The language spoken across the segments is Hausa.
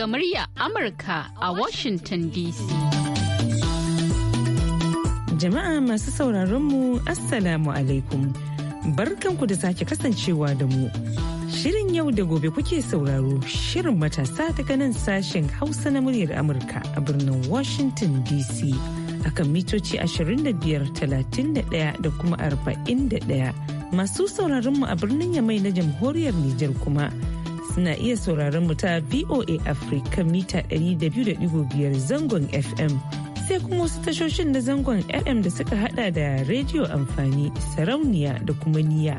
daga murya Amurka a Washington DC. Jama'a masu sauraronmu Assalamu alaikum. Barkanku da sake kasancewa da mu. Shirin yau da gobe kuke sauraro shirin matasa daga nan sashen Hausa na muryar Amurka a birnin Washington DC. akan mitoci 25, 31 da kuma 41 masu sauraronmu a birnin Yamai na jamhuriyar Nijar kuma. suna iya sauraron mu ta VOA Africa mita 200.5 zangon FM. Sai kuma wasu tashoshin na zangon FM da suka hada da rediyo amfani, sarauniya da kuma niya.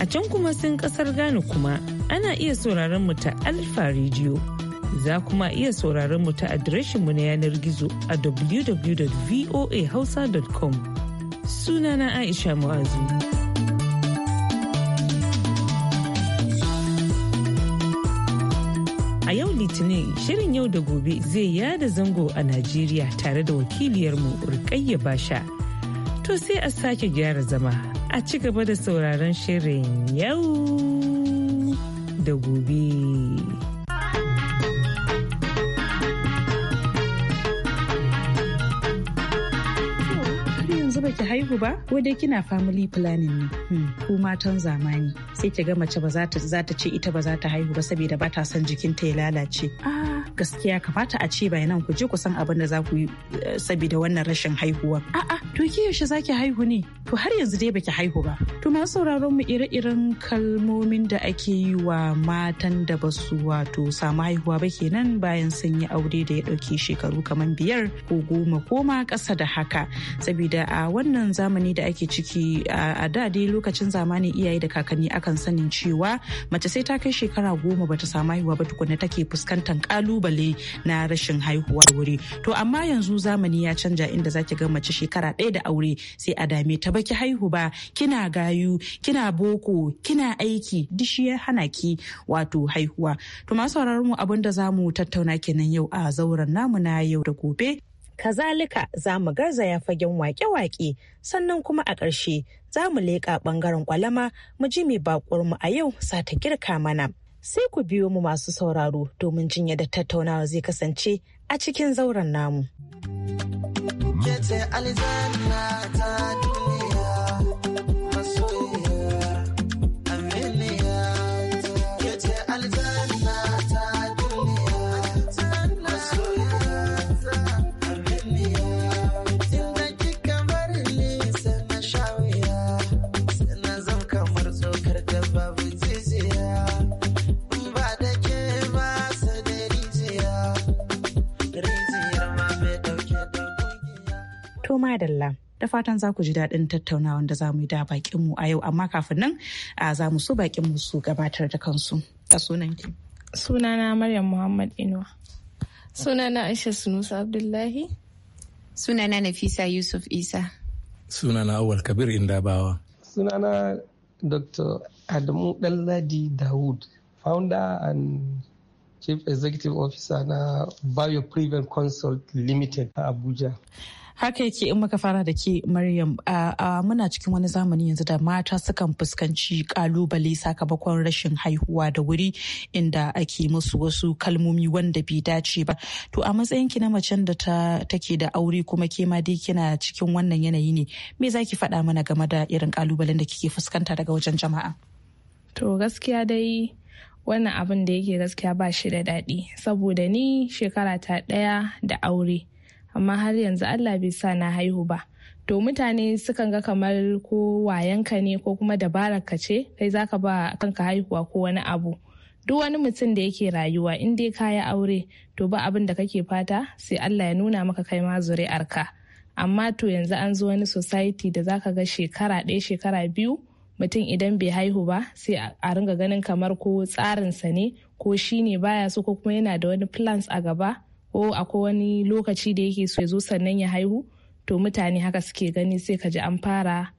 A can kuma sun kasar Ghana kuma ana iya sauraron mu ta Alfa Radio. Za kuma iya sauraron mu ta adireshin mu na yanar gizo a www.voahausa.com. Sunana Aisha Mu'azu. A yau Litinin shirin yau da gobe zai yada zango a Najeriya tare da wakiliyarmu Rukayya Basha. To sai a sake gyara zama a ci gaba da sauraron shirin yau da gobe. yanzu baki haihu ba ko dai kina family planning ne hmm, ko matan zamani sai ki ga mace ba za ta ce ita ba za ta haihu ba saboda ba ta son ta ya lalace ah gaskiya kamata a ce bayanan ku je ku san abin da za ku yi eh, saboda wannan rashin haihuwa a'a to ki yaushe zaki haihu ne to har yanzu dai baki haihu ba to masu sauraron mu ire-iren kalmomin da ake yi wa matan da ba su wato samu haihuwa ba kenan bayan sun yi aure da ya ɗauki shekaru kamar biyar ko goma koma ƙasa da haka saboda a wannan zamani da ake ciki a da dai lokacin zamani iyaye da kakanni akan sanin cewa mace sai ta kai shekara goma bata samu haihuwa ba tukunna take fuskantar kalubale na rashin haihuwa wuri to amma yanzu zamani ya canja inda zaki ga mace shekara ɗaya da aure sai a dame ta baki haihu ba kina gayu kina boko kina aiki dishi ya hana ki wato haihuwa to masu sauraron mu abin da zamu tattauna kenan yau a zauren namu na yau da gobe kazalika za mu ya fagen wake-wake sannan kuma a ƙarshe za mu leƙa ɓangaren kwalama mu ji mai mu a yau sa ta girka mana sai ku biyo mu masu sauraro domin jinya da tattaunawa zai kasance a cikin zauren namu. Ke ce aljanna madalla. da fatan za ku ji daɗin tattaunawan da za mu yi da bakinmu a yau amma kafin nan za mu so bakinmu su gabatar da kansu a sunanki sunana maryam muhammad inuwa sunana aisha sunusa abdullahi sunana nafisa yusuf isa sunana awal kabir bawa sunana dr adamu ɗanladi dawud founder and chief executive officer na bioprevent consult limited a abuja haka yake in muka fara da ke maryam muna cikin wani zamani yanzu da mata sukan fuskanci kalubale sakamakon rashin haihuwa da wuri inda ake musu wasu kalmomi wanda bai dace ba to a matsayin ki na macen da ta take da aure kuma ke ma dai kina cikin wannan yanayi ne me za ki faɗa mana game da irin kalubalen da kike fuskanta daga wajen jama'a to gaskiya dai wannan abin da yake gaskiya ba shi da daɗi saboda ni shekara ta ɗaya da aure amma har yanzu Allah bai sa na haihu ba to mutane sukan ga kamar ko wayanka ne ko kuma ka ce kai zaka ba kanka haihuwa ko wani abu duk wani mutum da yake rayuwa in dai kaya aure to ba abin da kake fata sai Allah ya nuna maka kai ma zuri'arka amma to yanzu an zo wani society da zaka ga shekara ɗaya shekara biyu mutum idan bai haihu ba sai a ringa ganin kamar ko tsarinsa ne ko shi ne baya so ko kuma yana da wani plans a gaba ko akwai wani lokaci da yake so ya zo sannan ya haihu to mutane haka suke gani sai ka ji an fara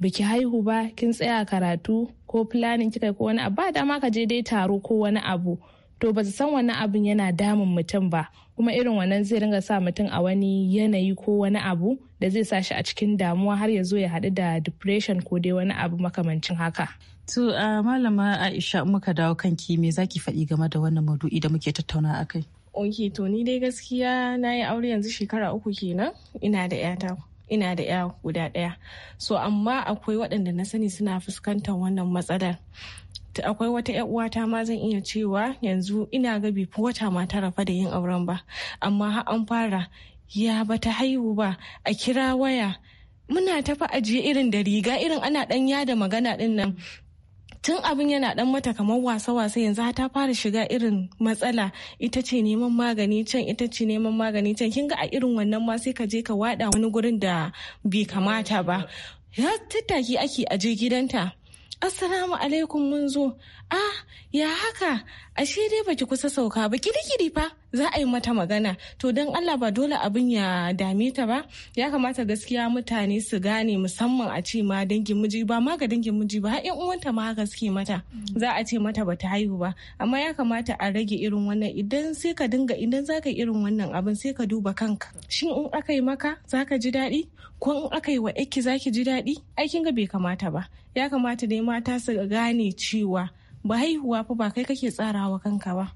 biki haihu ba kin tsaya karatu ko planning kika ko wani abu ba dama ka je dai taro ko wani abu to ba su san wani abin yana damun mutum ba kuma irin wannan zai ringa sa mutum a wani yanayi ko wani abu da zai sa shi a cikin damuwa har ya zo ya haɗu da depression ko dai wani abu makamancin haka. To ah, malama Aisha muka dawo kan me zaki faɗi game da wannan maudu'i da muke tattauna akai? ok to ni dai gaskiya na yi aure yanzu shekara uku kenan ina da 'yata ina da ya guda ɗaya so amma akwai waɗanda na sani suna fuskantar wannan matsalar akwai wata uwa ta ma zan iya cewa yanzu ina ga bai wata ma ta rafa da yin auren ba amma har an fara ya bata haihu ba a kira waya muna tafi ajiye irin da riga irin ana ɗanya da magana ɗin nan tun abin yana dan mata kamar wasa-wasa yanzu ta fara shiga irin matsala ita ce neman magani can ita ce neman magani can kin ga a irin wannan ma sai ka je ka wada wani gurin da bai kamata ba ya tattaki ake aje gidanta assalamu alaikum mun zo ah ya haka ashe dai baki kusa sauka ba kiri fa za a yi mata magana to don Allah ba dole abin ya dame ta ba ya kamata gaskiya mutane su gane musamman a ce ma dangin miji ba ma ga dangin miji ba har uwanta ma haka suke mata mm. za a ce mata ba ta haihu ba amma ya kamata a rage irin wannan idan sai ka dinga idan za ka irin wannan abin sai ka duba kanka shin in aka yi maka za ka ji daɗi ko in aka yi wa yaki za ki ji daɗi aikin ga bai kamata ba ya kamata dai mata su gane cewa ba haihuwa fa ba kai kake tsarawa kanka ba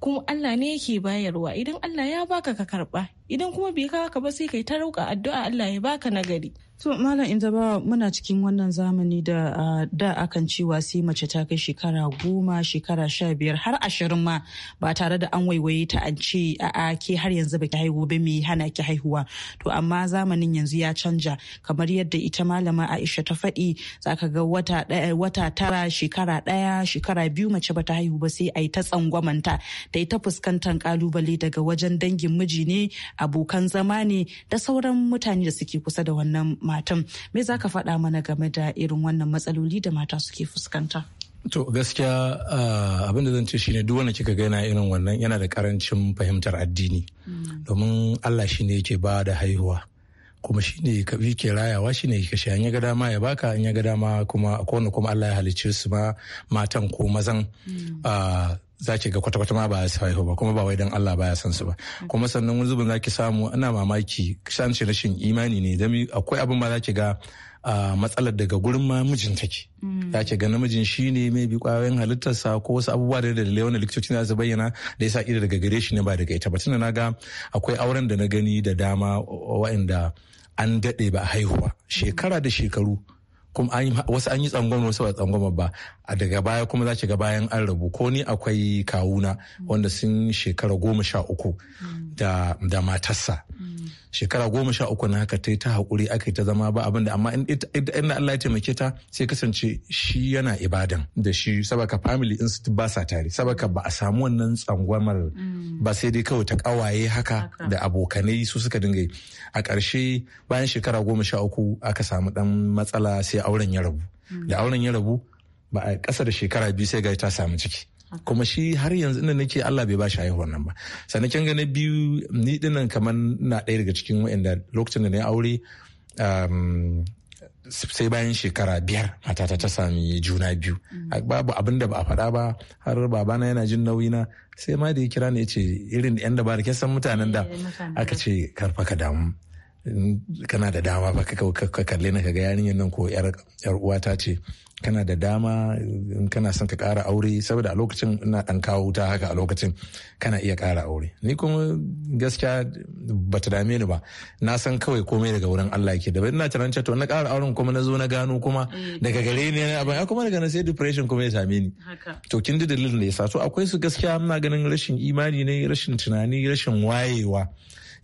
kuma Allah ne yake bayarwa idan Allah ya baka ka karba idan kuma bai kawo ka ba sai kai ta rauka addu'a Allah ya baka nagari to malam inzaba muna cikin wannan zamani da da akan cewa sai mace ta kai shekara goma shekara sha biyar har ashirin ma ba tare da an waiwaye ta an ce a'a ke har yanzu baki haihu ba me hana ki haihuwa to amma zamanin yanzu ya canja kamar yadda ita malama Aisha ta faɗi ka ga wata wata tara shekara ɗaya shekara biyu mace bata haihu ba sai a yi ta tsangwamanta da ta fuskantar kalubale daga wajen dangin miji ne abokan zama ne da sauran mutane da suke kusa da wannan matan me za ka faɗa mana game da irin wannan matsaloli da mata suke fuskanta to gaskiya abin da zan ce shine duk wanda kika gana irin wannan yana da karancin fahimtar addini hmm. domin Allah shine yake ba da haihuwa kuma shine ka bi ke rayawa shine ka shi an ya ga dama ya baka an ya ga dama kuma kuma Allah ya halicce su ma matan ko mazan hmm. za ki ga kwata-kwata ma ba su haihu ba kuma ba wai dan Allah baya san su ba kuma sannan wani zubin zaki ki samu ana mamaki ce rashin imani ne dan akwai abin ba za ki ga matsalar daga gurin ma mijin take ya mm. ce ga namijin shi ne mai bi kwayoyin halittarsa ko wasu abubuwa da dalilai wanda likitocin za su bayyana da ya sa ido daga gare shi ne ba daga ita ba tunda na ga akwai auren da na gani da dama wa'inda an daɗe ba haihuwa shekara da shekaru kuma wasu an yi tsangwama wasu ba tsangwama ba a daga baya kuma za ga bayan an rabu ko ni akwai kawuna wanda sun shekara goma sha uku mm. da matarsa mm. shekara goma sha uku na haka ta yi ta haƙuri aka ta zama ba abin da amma inda Allah ya taimake ta sai kasance shi yana ibadan da shi sabaka family institute ba sa tare sabaka ba a samu wannan tsangwamar mm. ba sai dai kawai ta kawaye haka da abokanai su suka dinga yi a ƙarshe bayan shekara goma sha uku aka samu ɗan matsala sai auren ya rabu da mm. auren ya rabu ba a ƙasa da shekara biyu sai ga ta samu ciki kuma shi har yanzu ina nake Allah bai bashi haihuwar nan ba sannan kin ga na biyu ni dinnan kamar na ɗaya daga cikin wa'anda lokacin da na aure um, sai bayan shekara biyar matata ta sami juna biyu mm. babu abin da ba a faɗa ba har babana yana jin nauyi na sai ma da ya kira ne ce irin yan da ba da mutanen da eh, aka ce karfa ka damu kana da dama ba ka kalle na kaga yarinyar nan ko yar uwata ce kana da dama in kana son ka ƙara aure saboda a lokacin ina an kawo wuta haka a lokacin kana iya ƙara aure ni kuma gaskiya ba ta dame ni ba na san kawai komai daga wurin Allah yake da ina tunanin cewa na ƙara auren kuma na zo na gano kuma mm. daga gare ni kuma daga na sai depression kuma ya same ni to kin ji dalilin da ya sa to akwai su gaskiya muna ganin rashin imani ne rashin tunani rashin wayewa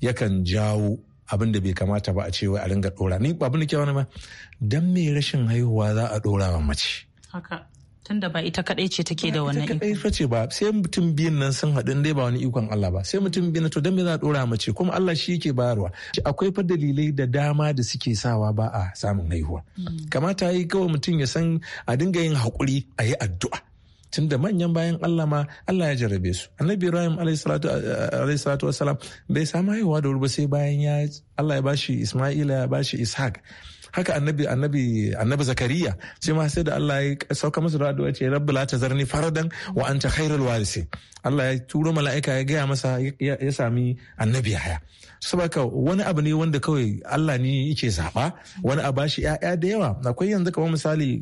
yakan jawo abin da bai kamata ba a ce wai a ringa dora ni abin da ke wani ba dan me rashin haihuwa za a dora wa mace haka tunda ba ita kadai ce take da wannan iko ita ce ba sai mutum biyun nan sun haɗu dai ba wani ikon Allah ba sai mutum biyun to dan me za a dora mace kuma Allah shi yake bayarwa akwai fa dalilai da dama da suke sawa ba a samun haihuwa hmm. kamata yi kawai mutum ya san a dinga yin hakuri a yi addu'a tunda manyan bayan Allah ma Allah ya jarrabe su annabi Ibrahim alayhi salatu wasalam bai samu haihuwa da wuri sai bayan ya Allah ya bashi Isma'ila ya bashi Ishaq haka annabi annabi annabi zakariya ce ma sai da Allah ya sauka masa da addu'a ce rabbi la tazarni faradan wa anta khairul warisi Allah ya turo mala'ika ya gaya masa ya sami annabi haya saboda wani abu ne wanda kawai Allah ne yake zaba wani a bashi da yawa akwai yanzu kamar misali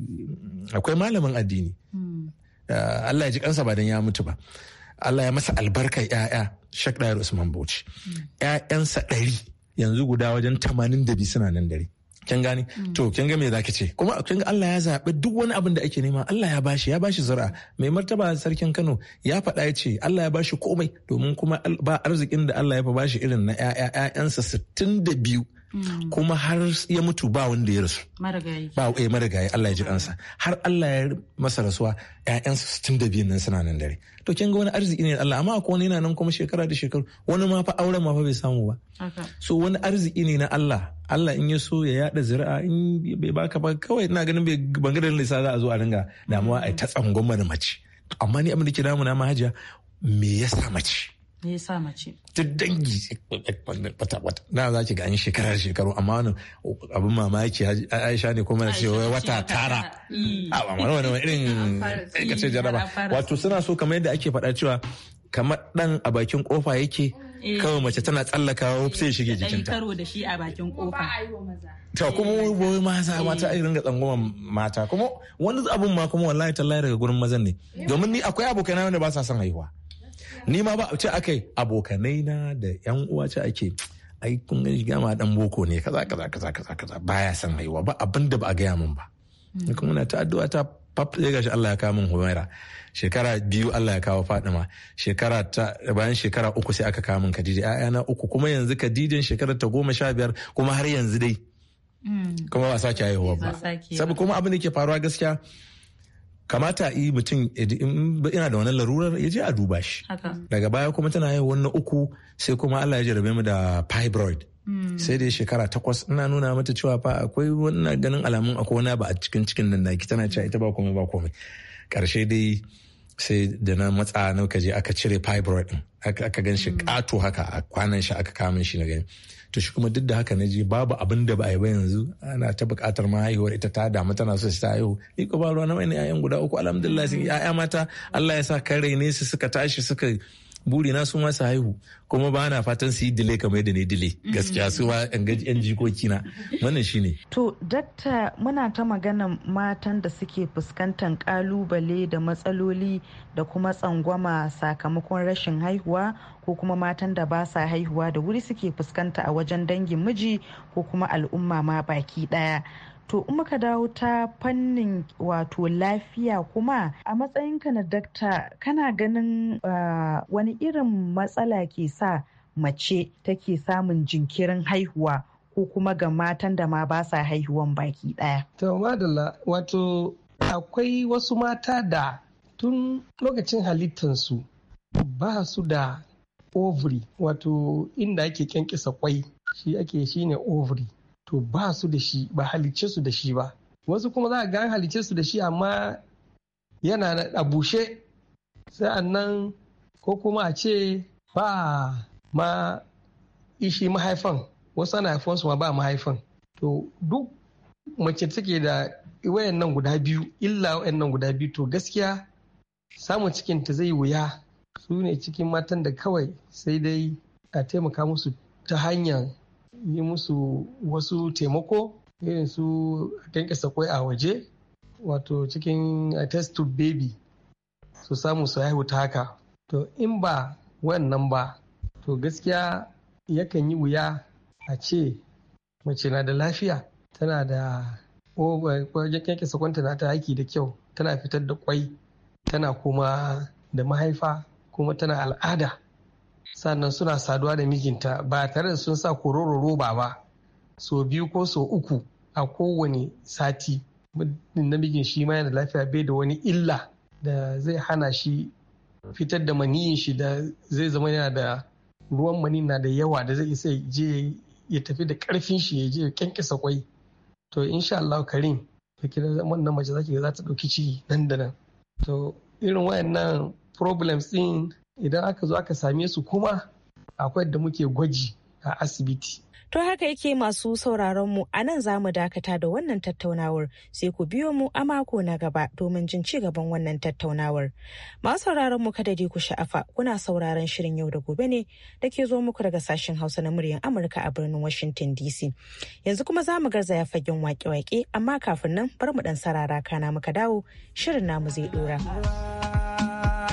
akwai malamin addini hmm. Eh, Allah ya ji kansa ba dan ya mutu ba Allah ya masa albarkar ya'ya Sheikh Dayar Usman Bauchi ya'yansa ɗari yanzu guda wajen tamanin da suna nan dare kin gani mm. to kin ga me zaki ce kuma kin ga Allah ya zaɓi duk wani abin da ake nema Allah ya bashi ya bashi zura mai martaba sarkin Kano ya faɗa ya ce Allah ya bashi komai domin kuma ba arzikin da Allah ya fa bashi irin na sittin da biyu. Mm. kuma har ya mutu ba wanda ya rasu ba eh, marigayi Allah ya ji ansa har Allah ya masa rasuwa ƴaƴansa 62 nan suna nan dare to kin ga wani arziki ne Allah amma akwai yana nan kuma shekara da shekaru wani ma fa auren ma fa bai samu ba so wani arziki ne na Allah Allah in ya so ya yada zira'a in bai baka ba kawai ina ganin bai bangaren sa za a zo a ringa damuwa a ta tsangon mace amma ni amma da ke damu na mahajiya me yasa mace ya sa mace? Ta dangi wata-wata. Na za ki gani shekarar shekaru amma wani abin mamaki Aisha ne kuma na cewa wata tara. Mm. A ba wani wani irin aikace jaraba. Wato suna so kamar yadda ake faɗa cewa kamar ɗan a bakin kofa yake eh. kawai mace tana tsallakawa eh, sai shige jikinta. karo da shi a bakin kofa. Ta kuma wai maza eh. mata ai ringa tsangoma mata kuma wani abun ma kuma wallahi tallahi daga gurin mazan ne. Domin ni akwai abokai na wanda ba sa son haihuwa. ni ma ba ce akai abokanai na da yan uwa ce ake ai kun gani ma dan boko ne kaza kaza kaza kaza kaza baya san haihuwa ba abin da ba a gaya min ba hmm. ni kuma na ta addu'a ta pap sai gashi Allah ya kawo min Humaira shekara biyu Allah ya kawo Fadima shekara ta bayan shekara uku sai aka kawo min Khadija na uku kuma yanzu Khadija shekara ta goma sha biyar kuma har yanzu dai hmm. kuma ba sake haihuwa ba sabu kuma abin da ke faruwa gaskiya kamata yi mutum ina da wannan larurar ya je a duba shi daga baya kuma tana yin wannan uku sai kuma Allah ya jarabe mu da fibroid hmm. sai dai shekara takwas ina nuna mata cewa fa akwai wannan ganin alamun akwai wani ba a cikin cikin nan naki tana cewa ita ba komai ba komai karshe dai sai da na matsa na je aka cire fibroid din aka gan shi kato hmm. haka a kwanan shi aka kama shi na gani to shi kuma duk da haka na je babu abin da ba a yi ba yanzu ana ta buƙatar ma ita ta damu tana so ta haihu ni ko ba ruwa na mai 'ya'yan guda uku alhamdulillah sun 'ya'ya mata Allah ya sa kan ne su suka tashi suka buri na su ma haihu kuma ba na fatan su yi dile kamar yadda ne dile mm-hmm. gaskiya su ma yan jikoki na wannan shine to dakta muna ta magana matan da suke fuskantar kalubale da matsaloli da kuma tsangwama sakamakon rashin haihuwa ko kuma matan da ba sa haihuwa da wuri suke fuskanta a wajen dangin miji ko kuma al'umma ma baki ɗaya. to in muka dawo ta fannin wato lafiya kuma a matsayinka na dakta kana ganin ah, wani irin matsala ke sa mace take samun jinkirin haihuwa ko kuma ga matan da ma ba sa haihuwan baki daya. To madalla wato akwai wasu mata da tun lokacin halittansu ba su da ovary wato inda ake kyankisa kwai shi ake shine ovary to ba su da shi ba halicce su da shi ba wasu kuma za a ga halicce su da shi amma yana a bushe nan ko kuma a ce ba ma ishi mahaifan wasu ana su ma ba mahaifan to duk mace take da wayan nan guda biyu illa wayan nan guda biyu to gaskiya samun cikin ta zai wuya su ne cikin matan da kawai sai dai a taimaka musu ta hanyar yi musu wasu taimako irin su kyankyasa kwai a waje wato cikin test to baby su samu su haihu ta haka to in ba wannan ba to gaskiya yakan yi wuya a ce mace na da lafiya tana da kyankyasa kwanta na ta haiki da kyau tana fitar da kwai tana kuma da mahaifa kuma tana al'ada sannan suna saduwa da mijinta ba tare da sun sa kororo roba ba so biyu ko so uku a kowane sati namijin shi ma yana da lafiya bai da wani illa da zai hana shi fitar da maniyin shi da zai zama yana da ruwan mani na da yawa da zai isa je ya tafi da karfin shi ya je ya kyankyasa kwai to insha Allah karim da kira nan mace zaki ga za ta dauki ciki nan da nan to irin wayannan problems din idan aka zo aka same su kuma akwai da muke gwaji a asibiti To haka yake masu sauraron mu a nan za mu dakata da wannan tattaunawar sai ku biyo mu a mako na gaba domin jin ci gaban wannan tattaunawar. Masu sauraron mu kada dai ku sha'afa kuna sauraron shirin yau da gobe ne da ke zo muku daga sashen Hausa na muryar Amurka a birnin Washington DC. Yanzu kuma za mu garzaya fagen wake-wake amma kafin nan bar mu dan sarara kana muka dawo shirin namu zai dora.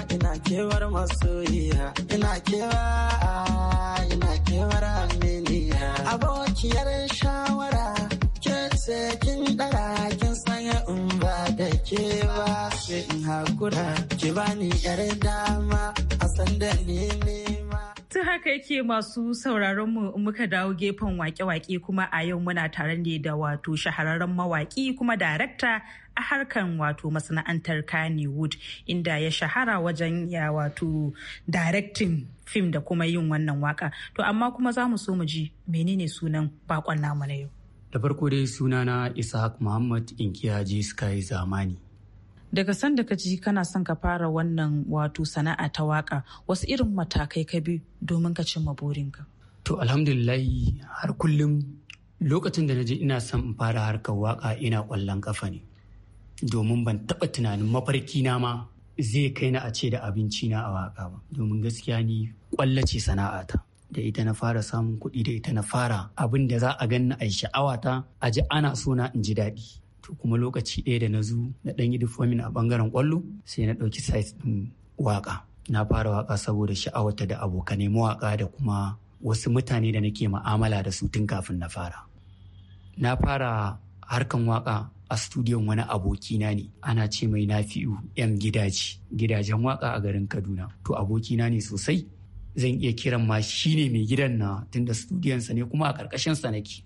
ina kewar masoyiya ina kewa ina kewar aminiya abokiyar shawara ke ce kin dara kin sanya in ba da kewa sai in hakura ki bani yar dama a sanda ne nema Tun haka yake masu sauraron mu muka dawo gefen wake-wake kuma a yau muna tare ne da wato shahararren mawaki kuma darakta a harkan wato masana'antar Kannywood inda ya shahara wajen ya wato directing fim da kuma yin wannan waka. To amma kuma za mu so mu ji menene sunan bakon namu na yau. Da farko dai sunana Ishaq Muhammad Inkiyaji Sky Zamani. daga sanda ka ji kana son ka fara wannan wato sana'a ta waka wasu irin matakai ka bi domin ka cimma burinka to alhamdulillahi har kullum lokacin da na ina son in fara harkar waka ina kwallon kafa ne domin ban taɓa tunanin mafarki na ma zai kai na a ce da abinci na a waka ba domin gaskiya ni kwalla ce ta. da ita na fara samun kuɗi da ita na fara abin da za a ganna a sha'awata a ji ana so na in ji daɗi to kuma lokaci ɗaya da na zo na ɗan yi difomin a ɓangaren ƙwallo sai na ɗauki site ɗin waƙa na fara waƙa saboda sha'awata da abokanai mawaƙa da kuma wasu mutane da nake ma'amala da su tun kafin na fara na fara harkan waƙa a studiyon wani abokina ne ana ce mai nafi'u yan gidaje gidajen waƙa a garin kaduna to abokina ne sosai zan iya kiran ma shi mai gidan na tunda studiyansa ne kuma a ƙarƙashinsa nake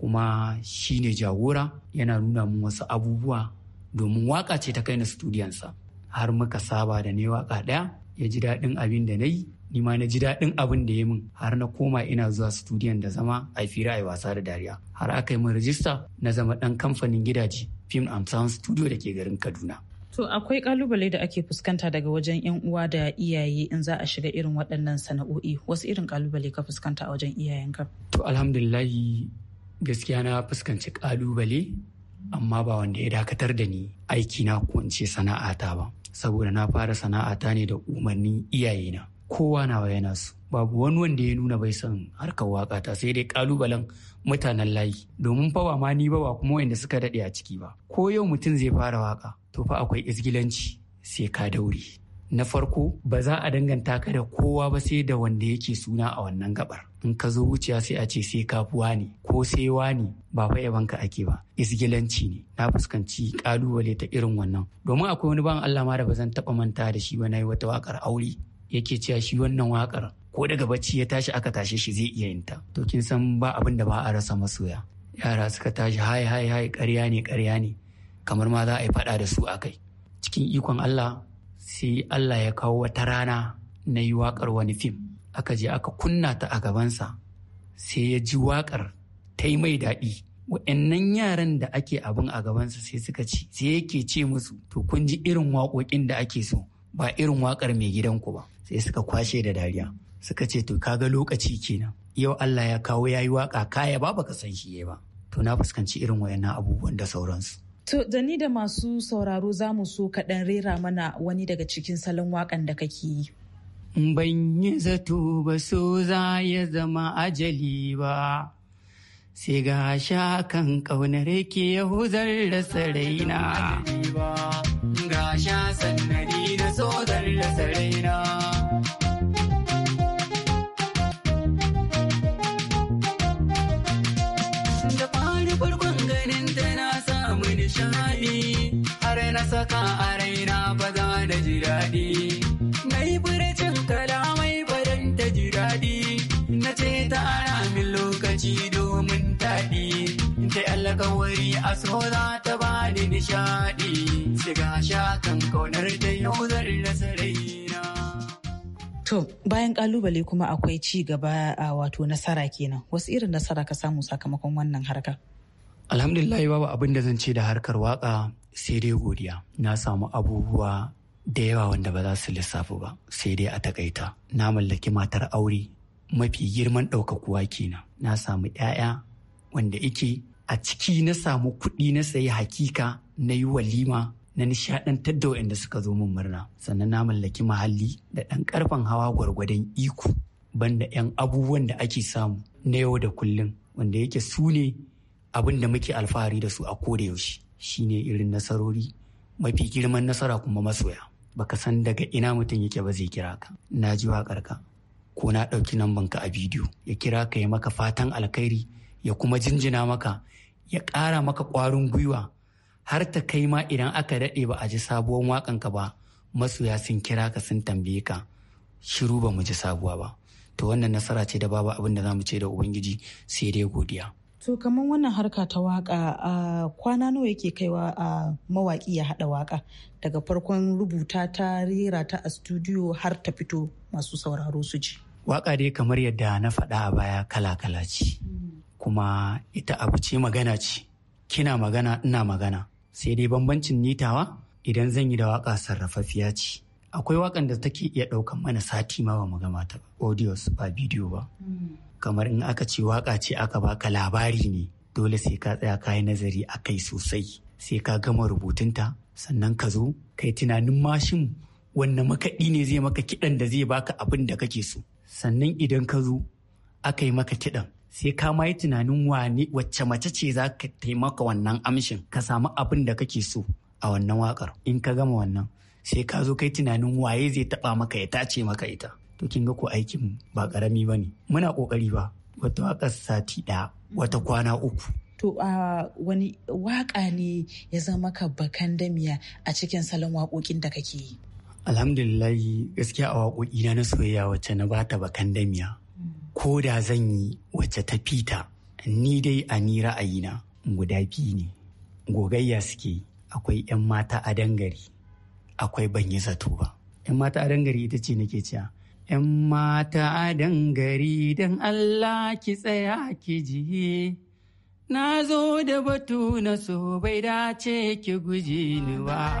kuma shi ne jagora yana nuna mun wasu abubuwa domin waka ce ta kai na studiyansa har muka saba da ne waka ɗaya ya ji daɗin abin da na yi ni ma na ji daɗin abin da ya min har na koma ina zuwa studiyan da zama a fira a wasa da dariya har aka yi min rajista na zama ɗan kamfanin gidaje film and sound studio da ke garin kaduna To akwai kalubale da ake fuskanta daga wajen 'yan uwa da iyaye in za a shiga irin waɗannan sana'o'i wasu irin kalubale ka fuskanta a wajen iyayenka? To alhamdulillahi gaskiya na fuskanci ƙalubale amma ba wanda ya dakatar da ni aiki na kwance sana'ata ba saboda na fara sana'ata ne da umarnin iyayena kowa nawa yana su babu wani wanda ya nuna bai san harkar waka ta sai dai ƙalubalen mutanen layi domin fa ba ma ni ba ba kuma wanda suka daɗe a ciki ba ko yau mutum zai fara waka to fa akwai isgilanci sai ka daure na farko ba za a danganta ka da kowa ba sai da wanda yake suna a wannan gabar in ka zo wuciya sai a ce sai kafuwa ne ko sai wani ba fa ka ake ba isgilanci ne na fuskanci kalubale ta irin wannan domin akwai wani ban Allah ma da ba zan taba manta da shi ba nayi wata wakar aure yake cewa shi wannan wakar ko daga bacci ya tashi aka tashe shi zai iya yin ta to kin san ba abin da ba a rasa masoya yara suka tashi hai hai hai ƙarya ne ƙarya ne kamar ma za a yi faɗa da su a kai cikin ikon Allah sai Allah ya kawo wata rana na yi waƙar wani fim aka je aka kunna ta a gabansa sai ya ji waƙar ta yi mai daɗi wa'annan yaran da ake abin a gabansa sai suka ci sai yake ce musu to kun ji irin waƙoƙin da ake so ba irin waƙar mai gidanku ba sai suka kwashe da dariya suka ce to kaga lokaci kenan yau Allah ya kawo ya yi waƙa kaya ba baka san shi ba to na fuskanci irin wayannan abubuwan da sauransu To da ni da masu sauraro za mu so kaɗan rera mana wani daga cikin salon waƙan da kake yi. Ban yi zato ba so za ya zama ajali ba, sai ga kan ƙaunar ke huzar da saraina. Ga sha sannari na so zar da saraina. na saka a raina ba za da ji daɗi. Na yi furacin kalamai barin ta ji daɗi, na ce ta ara min lokaci domin taɗi. Ta alkawari a so za ta ba ni nishaɗi, shiga shakan kaunar ta yau zan rasa To bayan kalubale kuma akwai ci gaba a wato nasara kenan wasu irin nasara ka samu sakamakon wannan harkar. Alhamdulillah babu abin da zan ce da harkar waka sai dai godiya na samu abubuwa da yawa wanda ba za su lissafu ba sai dai a takaita na mallaki matar aure mafi girman ɗaukakuwa kenan na samu 'ya'ya wanda ike a ciki na samu kuɗi na sayi hakika na yi walima na nishaɗantar da waɗanda suka zo min murna sannan na mallaki mahalli da ɗan ƙarfen hawa gwargwadon iko banda ƴan abubuwan da ake samu na yau da kullum wanda yake su ne abin da muke alfahari da su a koda yaushe shine irin nasarori mafi girman nasara kuma masoya baka san daga ina mutum yake ba zai kira ka na ji waƙarka ko na ɗauki ka a bidiyo ya kira ka ya maka fatan alkhairi ya kuma jinjina maka ya ƙara maka ƙwarin gwiwa har ta kai ma idan aka daɗe ba a ji sabuwar waƙanka ba masoya sun kira ka sun tambaye ka shiru ba mu ji sabuwa ba to wannan nasara ce da babu abin da za mu ce da ubangiji sai dai godiya So kamar wannan harka ta waka a kwana nawa yake kaiwa a mawaki ya hada waka daga farkon rubuta ta rera ta a studio har ta fito masu sauraro su ji. Waka dai kamar yadda na faɗa a baya kala-kala ce. Kuma ita abu ce magana ce. Kina magana ina magana. Sai dai bambancin nitawa idan zan yi da waka sarrafaffiya ce. Akwai wakan da take iya daukan mana sati ma ba mu gama ta Audios ba bidiyo ba. Hmm. kamar in aka ce waka ce aka baka labari ne dole sai ka tsaya ka yi nazari a kai sosai sai ka gama rubutunta sannan ka zo ka yi tunanin mashin wanne makaɗi ne zai maka kiɗan da zai baka abin da kake so sannan idan ka zo aka yi maka kiɗan sai ka ma yi tunanin wane wacce mace ce za ka taimaka wannan amshin ka samu abin da kake so a wannan wakar in ka gama wannan sai ka zo kai tunanin waye zai taɓa maka ya tace maka ita to kin ga ko aikin ba karami ba ne muna kokari ba wata waka sati ɗaya wata kwana uku to a wani waka ne ya zama ka bakan damiya a cikin salon waƙoƙin da kake yi alhamdulillahi gaskiya a waƙoƙina na soyayya wacce na bata bakan damiya ko da zan yi wacce ta fita ni dai a ni ra'ayina guda biyu ne gogayya suke akwai 'yan mata a dangare akwai ban yi zato ba 'yan mata a dangare ita ce nake cewa ‘Yan mata dan gari dan Allah ki tsaya ki ji, na zo da batu na so bai dace ki guji ni ba.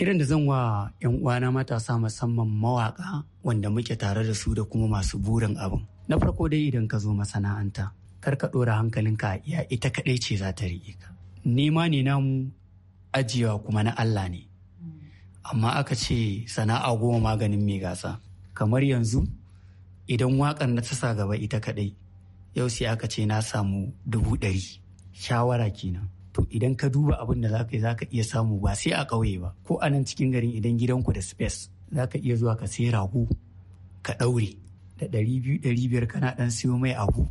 kiran da zan wa 'yan uwana matasa musamman mawaka wanda muke tare da su da kuma masu burin abin na farko dai idan ka zo masana'anta kar ka ɗora hankalinka ya ita kaɗai ce za ta riƙe ka nema ne namu ajiyewa kuma na Allah ne amma aka ce sana'a goma maganin mai gasa kamar yanzu idan waƙar na ta gaba ita kaɗai yau sai aka ce na samu dubu ɗari shawara kenan to idan ka duba abin da za ka yi za ka iya samu ba sai a ƙauye ba ko a nan cikin garin idan gidanku da space za ka iya zuwa ka sai rago ka ɗaure da ɗari biyu ɗari biyar kana ɗan siyo mai abu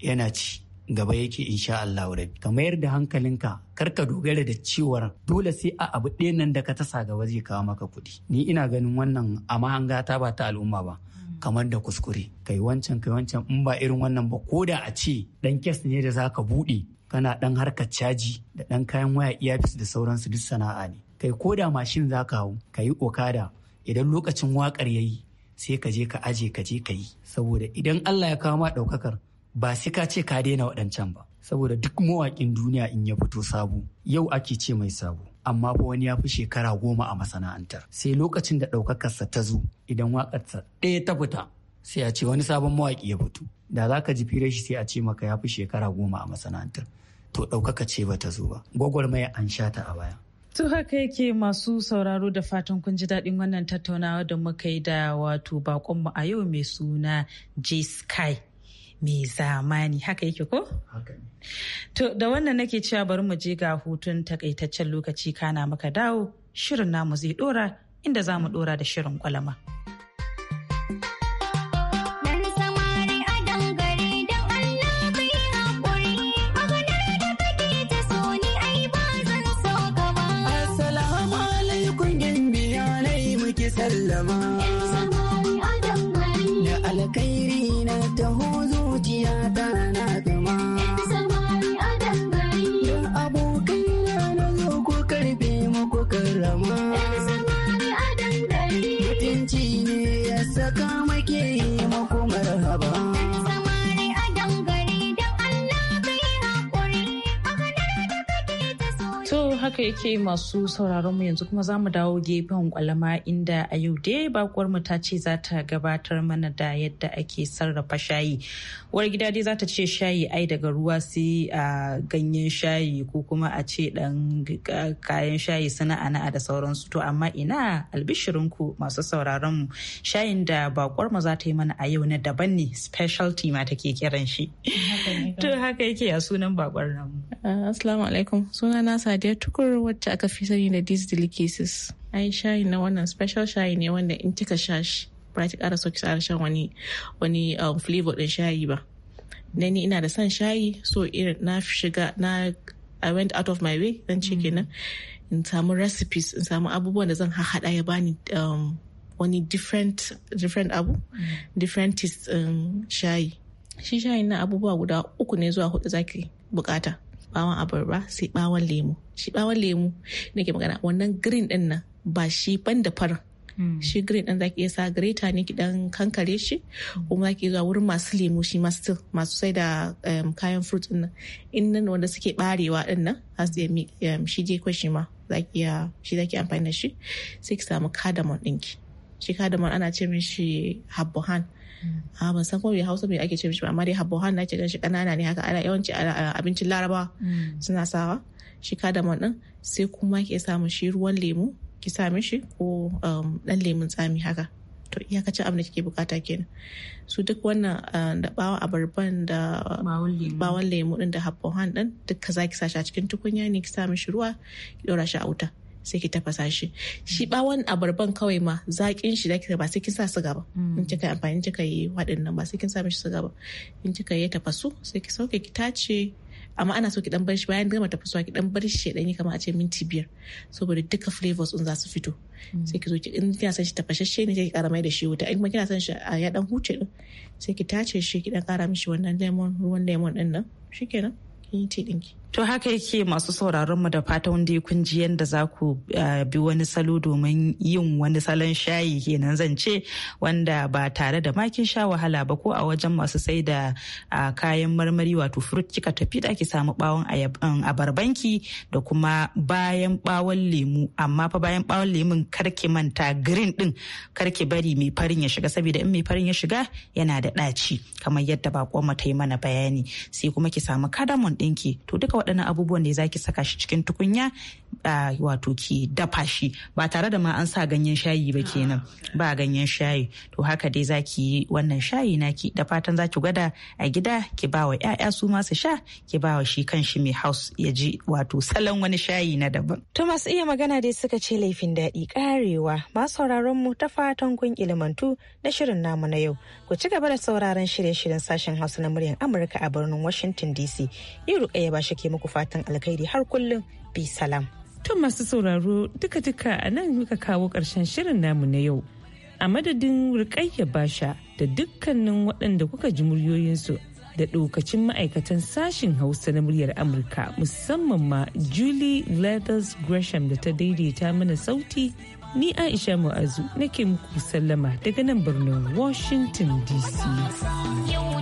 yana ci gaba yake insha Allah rabi ka mayar da hankalinka kar ka dogara da cewar dole sai a abu ɗaya nan da ka tasa gaba zai kawo maka kuɗi ni ina ganin wannan a mahanga ta ba ta al'umma ba mm. kamar da kuskure kai wancan kai wancan in ba irin wannan ba ko da a ce dan kes ne da zaka buɗe kana ɗan harkar caji da ɗan kayan waya iyafis da sauransu duk sana'a ne kai ko da mashin za ka hau ka yi okada idan lokacin wakar ya yi sai ka je ka aje ka je ka yi saboda idan Allah ya kawo ma ɗaukakar ba sai ka ce ka daina waɗancan ba saboda duk mawaƙin duniya in ya fito sabo yau ake ce mai sabo amma fa wani ya fi shekara goma a masana'antar sai lokacin da ɗaukakarsa ta zo idan wakarsa ɗaya ta fita sai a ce wani sabon mawaƙi ya fito da za ka ji fira shi sai a ce maka ya fi shekara goma a masana'antar to ɗaukaka ce ba ta zo ba gwagwarmaya an sha ta a baya To haka yake masu sauraro da fatan kun ji daɗin wannan tattaunawa da muka yi da wato bakonmu a yau mai suna J Sky mai zamani haka yake ko? To da wannan nake cewa bari mu je ga hutun takaitaccen lokaci kana maka dawo shirin namu zai ɗora inda za mu dora da shirin kwalama. I'm. haka yake masu sauraron mu yanzu kuma za mu dawo gefen kwalama inda a yau dai bakuwar mu ta ce za ta gabatar mana da yadda ake sarrafa shayi. Uwar gida dai za ta ce shayi ai daga ruwa sai a ganyen shayi ko kuma a ce dan kayan shayi sana'a na'a da sauransu to amma ina albishirin ku masu sauraron mu shayin da bakuwar mu za ta yi mana a yau na daban ne specialty ma take kiran shi. To haka yake a sunan bakuwar nan ah, Assalamu alaikum. sunana Sadiya Tukur kamar wacce aka fi sani da these delicacies. Ai shayi na wannan special shayi ne wanda in kika sha shi ba ta ƙara so ki tsara shan wani wani um, flavor ɗin shayi ba. Na ni ina da son shayi so irin na shiga na I went out of my way zan ce kenan mm. in samu recipes in samu abubuwan da zan haɗa ya bani um, wani different different abu mm. different taste um, shayi. Shi shayi na abubuwa guda uku ne zuwa hudu zaki bukata. bawon abarba sai bawon lemu shi bawon lemu ke magana wannan green din nan ba shi ban da fara hmm. shi green din zaki iya sa greta ne ki dan kankare shi kuma zaki zuwa wurin masu lemu shi masu masu sai da um, kayan fruit din nan in nan wanda suke barewa din nan has da um, shi je kwashi ma zaki ya shi zaki amfani da shi sai ki samu cardamom ɗinki shi cardamom ana ce min shi habbohan a ah, ban san ko bai hausa bai ake ce mishi ba amma dai habbohan na shi kanana ne haka ana yawanci abincin Larabawa, mm. suna sawa shi kadamon din sai kuma ke samu shi ruwan lemu ki sa mishi ko dan um, lemun tsami haka to iyakacin abin da kike bukata kenan su duk wannan ah, da bawa abarban da bawon lemu din da han din duka zaki sa shi a cikin tukunya ne ki sa mishi ruwa ki dora shi a wuta sai ki tafasa shi shi bawon abarban kawai ma zaƙin shi zaki ba sai kin sa suga ba hmm. in kika amfani kika yi waɗannan ba sai kin sa mishi suga ba in kika yi tafasu sai ki sauke ki tace amma ana so ki dan bar shi bayan gama tafasuwa ki dan bar shi ya dan yi kamar a ce minti biyar saboda duka flavors din za su fito hmm. sai ki zo ki in kina son shi tafashashe ne sai ki kara mai da shi wuta in kuma kina son shi a ya dan huce din sai ki tace shi ki dan kara mishi wannan lemon ruwan lemon din nan shikenan kin yi tea To haka yake masu sauraron mu da fata wanda ya kunji yadda za ku eh, bi wani salo domin yin wani salon shayi kenan zan ce wanda ba tare da makin sha wahala ba ko a wajen masu sai da eh, kayan marmari wato fruit kika tafi da ake samu bawon eh, abarbanki da kuma bayan bawon lemu amma fa bayan bawon lemun karki manta green din karki bari mai farin ya shiga saboda in mai farin ya shiga yana da ɗaci kamar yadda bakon mu ta yi mana bayani sai kuma ki samu kadamon ɗinki to duka waɗannan abubuwan ne zaki saka shi cikin tukunya uh, wato ki dafa shi ba tare da ma an sa ganyen shayi ba kenan ba ganyen shayi to haka dai zaki yi wannan shayi ki da fatan zaki gwada a gida ki ba wa 'ya'ya su masu sha ki ba wa shi kan shi mai haus ya ji wato salon wani shayi na daban to masu iya magana dai suka ce laifin daɗi karewa masu sauraron mu ta fatan kun ilimantu na shirin namu na yau ku ci gaba da sauraron shirye-shiryen sashen hausa na muryar amurka a birnin washington dc yau ruƙa ya ba shi ke ke muku fatan alkhairi har kullum bi salam. Tun masu sauraro duka-duka a nan muka kawo ƙarshen shirin namu na yau. A madadin rikayya basha da dukkanin waɗanda kuka ji muryoyinsu da ɗaukacin ma'aikatan sashin Hausa na muryar Amurka musamman ma Julie Leathers Gresham da ta daidaita mana sauti ni Aisha Mu'azu nake muku sallama daga nan birnin Washington DC.